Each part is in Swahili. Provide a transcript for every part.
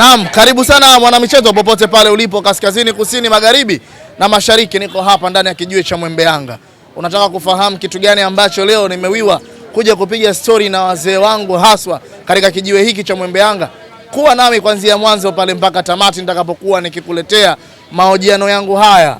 Naam, karibu sana mwanamichezo popote pale ulipo kaskazini, kusini, magharibi na mashariki. Niko hapa ndani ya kijiwe cha Mwembe Yanga. Unataka kufahamu kitu gani ambacho leo nimewiwa kuja kupiga stori na wazee wangu haswa katika kijiwe hiki cha Mwembe Yanga? Kuwa nami kuanzia mwanzo pale mpaka tamati nitakapokuwa nikikuletea mahojiano yangu haya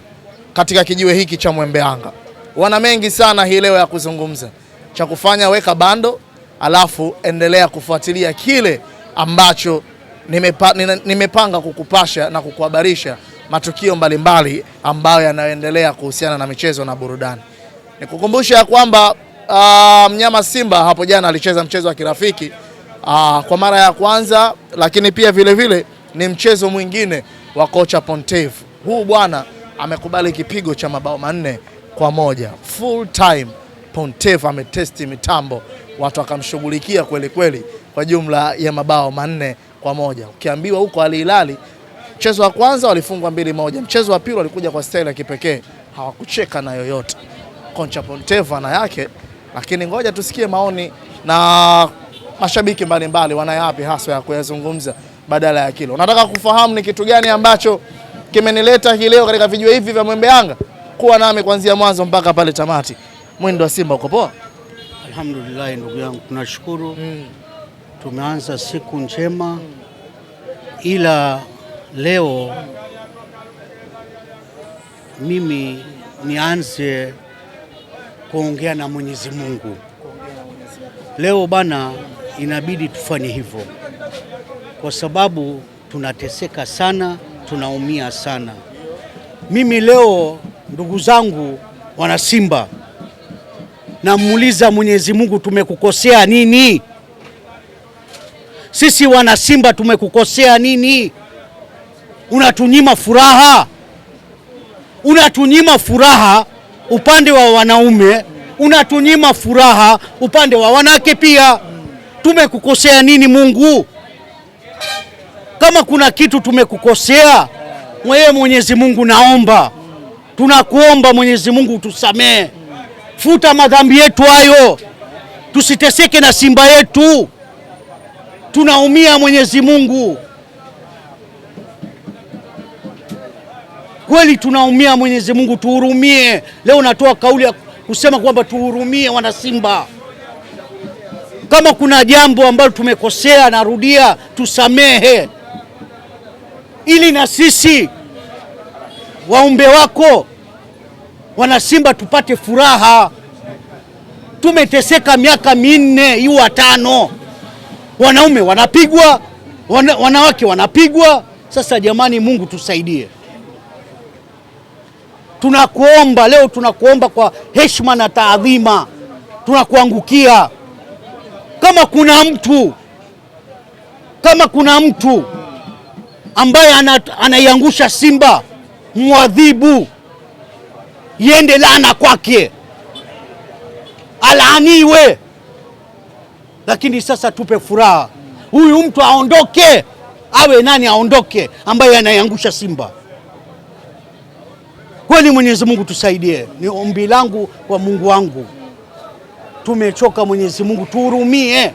katika kijiwe hiki cha Mwembe Yanga. Wana mengi sana hii leo ya kuzungumza. Cha kufanya weka bando, alafu endelea kufuatilia kile ambacho nimepa, nimepanga kukupasha na kukuhabarisha matukio mbalimbali mbali ambayo yanayoendelea kuhusiana na michezo na burudani. Nikukumbusha ya kwamba uh, mnyama Simba hapo jana alicheza mchezo wa kirafiki uh, kwa mara ya kwanza, lakini pia vile vile ni mchezo mwingine wa kocha Pontev. Huu bwana amekubali kipigo cha mabao manne kwa moja full time. Pontev ametesti mitambo, watu wakamshughulikia kweli kweli, kwa jumla ya mabao manne kwa moja. Ukiambiwa huko Al Hilal mchezo wa kwanza walifungwa mbili moja, mchezo wa pili walikuja kwa staili ya kipekee, hawakucheka na yoyote. Concha Ponteva na yake, lakini ngoja tusikie maoni na mashabiki mbalimbali wanayapi haswa ya kuyazungumza badala ya kilo. Nataka kufahamu ni kitu gani ambacho kimenileta hii leo katika vijua hivi vya Mwembe Yanga? Kuwa nami kuanzia mwanzo mpaka pale tamati. Mwendo wa Simba uko poa? Alhamdulillah, ndugu yangu tunashukuru mm tumeanza siku njema, ila leo mimi nianze kuongea na Mwenyezi Mungu. Leo bana, inabidi tufanye hivyo kwa sababu tunateseka sana, tunaumia sana. Mimi leo, ndugu zangu wana Simba, namuuliza Mwenyezi Mungu, tumekukosea nini? Sisi wana Simba tumekukosea nini? Unatunyima furaha, unatunyima furaha upande wa wanaume, unatunyima furaha upande wa wanawake pia. Tumekukosea nini Mungu? Kama kuna kitu tumekukosea wewe, Mwenyezi Mungu, naomba tunakuomba Mwenyezi Mungu utusamehe, futa madhambi yetu hayo, tusiteseke na Simba yetu tunaumia Mwenyezi Mungu, kweli tunaumia Mwenyezi Mungu, tuhurumie. Leo natoa kauli ya kusema kwamba tuhurumie wana Simba, kama kuna jambo ambalo tumekosea, narudia, tusamehe, ili na sisi waumbe wako wana Simba tupate furaha. Tumeteseka miaka minne iwa tano wanaume wanapigwa, wana, wanawake wanapigwa. Sasa jamani, Mungu tusaidie. Tunakuomba leo, tunakuomba kwa heshima na taadhima, tunakuangukia. Kama kuna mtu kama kuna mtu ambaye anaiangusha Simba, mwadhibu, yende laana kwake, alaaniwe lakini sasa tupe furaha, huyu mtu aondoke, awe nani aondoke, ambaye anaiangusha Simba. Kweli Mwenyezi Mungu tusaidie, ni ombi langu kwa Mungu wangu. Tumechoka Mwenyezi Mungu, tuhurumie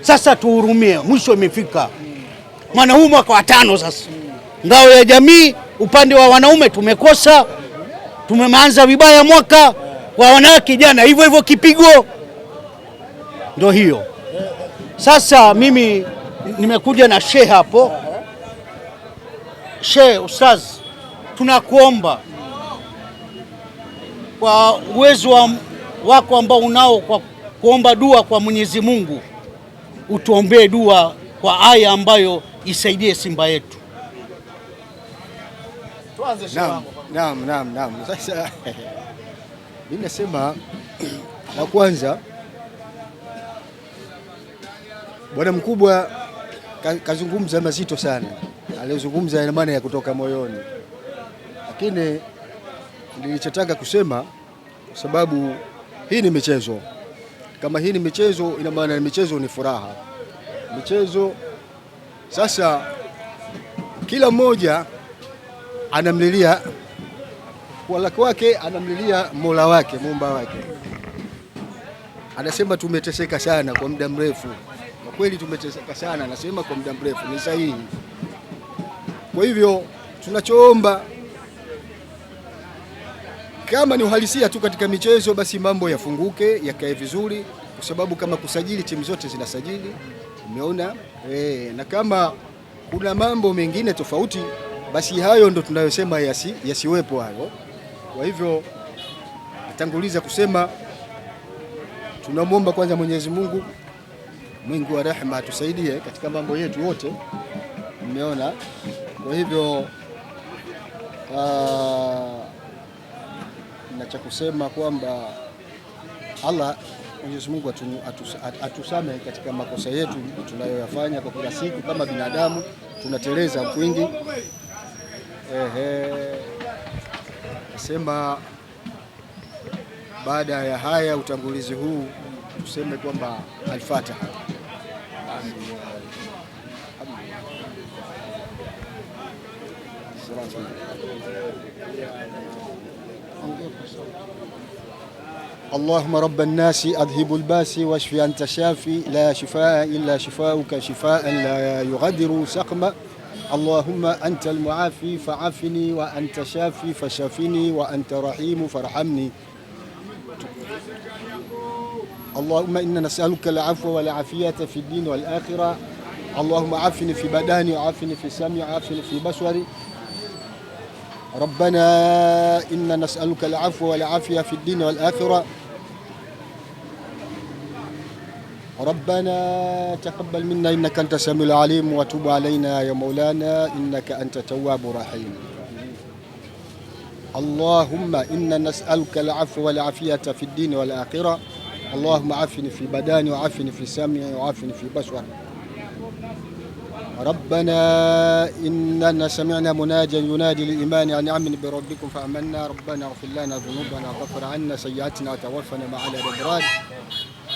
sasa, tuhurumie, mwisho imefika. Mwana huu mwaka wa tano sasa, ngao ya jamii upande wa wanaume tumekosa, tumeanza vibaya mwaka wa wanawake, jana hivyo hivyo kipigo ndo hiyo sasa. Mimi nimekuja na she hapo, she ustaz, tunakuomba kwa uwezo wako ambao unao kwa kuomba dua kwa Mwenyezi Mungu, utuombee dua kwa aya ambayo isaidie Simba yetu. Naam, naam, naam, naam. Sasa mimi nasema la kwanza Bwana mkubwa kazungumza mazito sana, aliozungumza ina maana ya kutoka moyoni, lakini nilichotaka kusema kwa sababu hii ni michezo. Kama hii ni michezo, ina maana michezo ni furaha, michezo. Sasa kila mmoja anamlilia wala kwake, anamlilia mola wake, muumba wake, anasema tumeteseka sana kwa muda mrefu kweli tumeteseka sana, nasema kwa muda mrefu, ni sahihi. Kwa hivyo tunachoomba kama ni uhalisia tu katika michezo, basi mambo yafunguke yakae vizuri, kwa sababu kama kusajili, timu zote zinasajili, umeona e, na kama kuna mambo mengine tofauti, basi hayo ndo tunayosema yasi, yasiwepo hayo. Kwa hivyo natanguliza kusema tunamwomba kwanza Mwenyezi Mungu Mwingi wa rehema atusaidie katika mambo yetu wote, mmeona. Kwa hivyo ah, na cha kusema kwamba Allah Mwenyezi Mungu atusame katika makosa yetu tunayoyafanya kwa kila siku. Kama binadamu tunateleza kwingi. Ehe, nasema baada ya haya utangulizi huu tuseme kwamba Alfatiha. اللهم رب الناس أذهب الباس واشف أنت شافي لا شفاء إلا شفاؤك شفاء لا يغادر سقما اللهم أنت المعافي فعافني وأنت شافي فشافني وأنت رحيم فارحمني اللهم إنا نسألك العفو والعافية في الدين والآخرة اللهم عافني في بداني وعافني في سمعي وعافني في بصري ربنا إنا نسألك العفو والعافية في الدين والآخرة ربنا تقبل منا إنك أنت السميع العليم وتب علينا يا مولانا إنك أنت التواب الرحيم اللهم إنا نسألك العفو والعافية في الدين والآخرة اللهم عافني في بداني وعافني في سمعي وعافني في بصري ربنا إننا سمعنا مناجا ينادي للإيمان أن آمن بربكم فآمنا ربنا اغفر لنا ذنوبنا وغفر عنا سيئاتنا وتوفنا مع الأبرار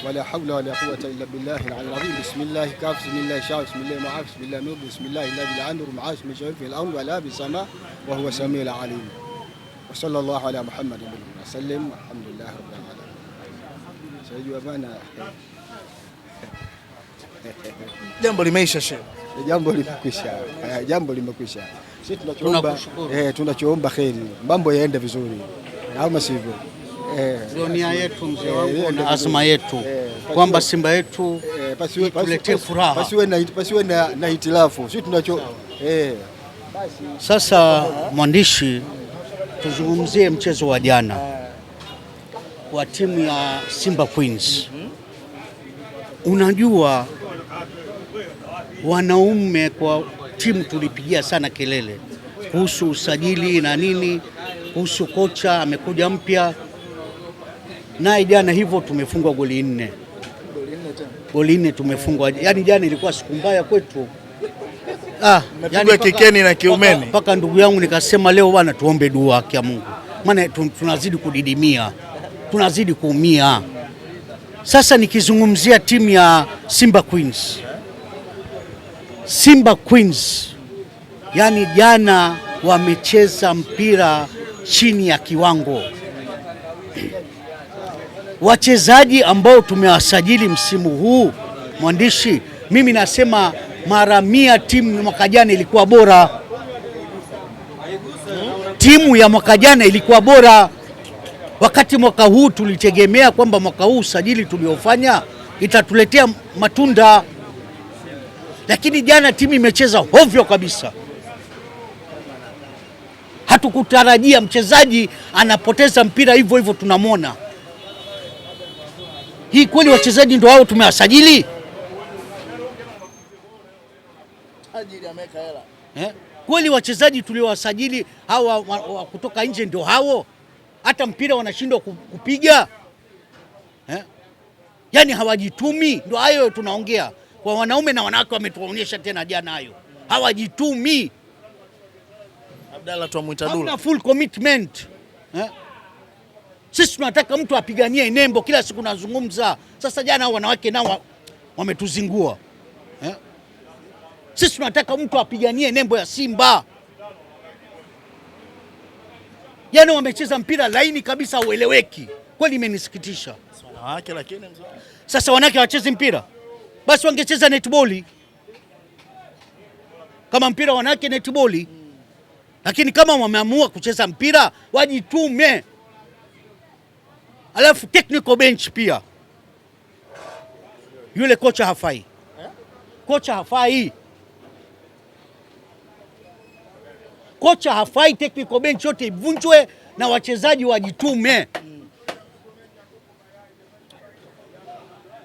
ولا حول ولا قوة إلا بالله العلي العظيم بسم الله كاف بسم الله شاف بسم الله معاف بسم الله نور بسم الله الذي لا نور معاش من شر في الأرض ولا في السماء وهو سميع العليم وصلى الله على محمد وسلم الحمد لله رب العالمين Jambo limeisha shehe. Jambo limekwisha. Jambo limekwisha. Sisi tunachoomba eh, tunachoomba kheri, mambo yaende vizuri, ama sivyo? Eh, nia yetu mzee wangu eh, na azma yetu eh, kwamba Simba yetu eh, tuletee furaha, pasiwe na pasiwe na hitilafu. Sisi tunacho eh. Sasa mwandishi, tuzungumzie mchezo wa jana. Ah wa timu ya Simba Queens Unajua wanaume kwa timu tulipigia sana kelele kuhusu usajili na nini, kuhusu kocha amekuja mpya naye jana, hivyo tumefungwa goli nne, goli nne tumefungwa. Yani jana ilikuwa siku mbaya kwetu. Ah, yani kikeni na kiumeni mpaka ndugu yangu nikasema leo bwana, tuombe dua kwa Mungu, maana tunazidi kudidimia tunazidi kuumia. Sasa nikizungumzia timu ya Simba Queens, Simba Queens yani jana wamecheza mpira chini ya kiwango. Wachezaji ambao tumewasajili msimu huu, mwandishi, mimi nasema mara mia, timu mwaka jana ilikuwa bora, timu ya mwaka jana ilikuwa bora wakati mwaka huu tulitegemea kwamba mwaka huu usajili tuliofanya itatuletea matunda, lakini jana timu imecheza hovyo kabisa. Hatukutarajia mchezaji anapoteza mpira hivyo hivyo, tunamwona hii kweli. Wachezaji ndo hao tumewasajili eh? Kweli wachezaji tuliowasajili hawa wa, wa, wa kutoka nje ndio hao hata mpira wanashindwa kupiga eh? Yaani hawajitumi. Ndio hayo tunaongea kwa wanaume na wanawake, wametuonyesha tena jana hayo, hawajitumi. Abdalla tuamuita Dula, hamna full commitment eh? Sisi tunataka mtu apiganie nembo, kila siku nazungumza. Sasa jana wanawake nao wametuzingua eh? Sisi tunataka mtu apiganie nembo ya Simba Yaani wamecheza mpira laini kabisa haueleweki. Kweli imenisikitisha. Wanawake lakini mzee. Sasa wanawake hawachezi mpira. Basi wangecheza netball. Kama mpira wanawake netboli Lakini kama wameamua kucheza mpira wajitume. Alafu technical bench pia. Yule kocha hafai. Eh? Kocha hafai. kocha hafai, technical bench yote ivunjwe na wachezaji wajitume.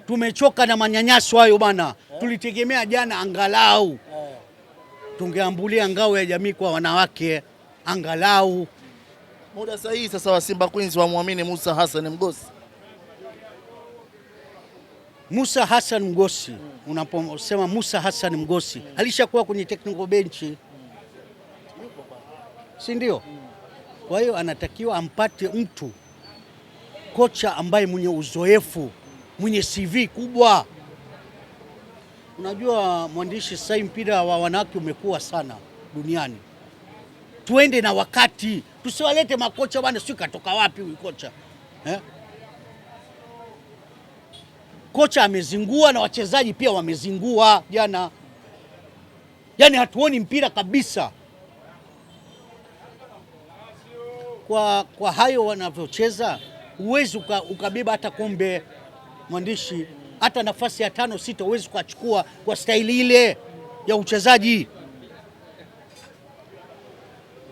Tumechoka na manyanyaso hayo bana, tulitegemea jana angalau tungeambulia ngao ya jamii kwa wanawake angalau muda sahihi. Sasa wa Simba Queens wamwamini Musa Hassan Mgosi. Musa Hassan Mgosi, unaposema Musa Hassan Mgosi alishakuwa kwenye technical benchi si ndio? Kwa hiyo anatakiwa ampate mtu kocha ambaye mwenye uzoefu, mwenye CV kubwa. Unajua mwandishi, sasa mpira wa wanawake umekuwa sana duniani, tuende na wakati, tusiwalete makocha bwana, sio katoka wapi huyu kocha eh? Kocha amezingua na wachezaji pia wamezingua jana, yani hatuoni mpira kabisa. kwa, kwa hayo wanavyocheza huwezi ukabeba hata kombe mwandishi, hata nafasi ya tano sita huwezi ukachukua kwa staili ile ya uchezaji.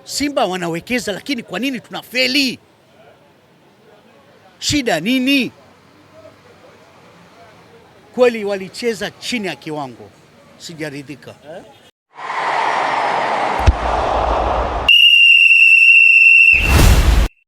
Simba wanawekeza, lakini kwa nini tunafeli? Shida nini? Kweli walicheza chini ya kiwango, sijaridhika eh?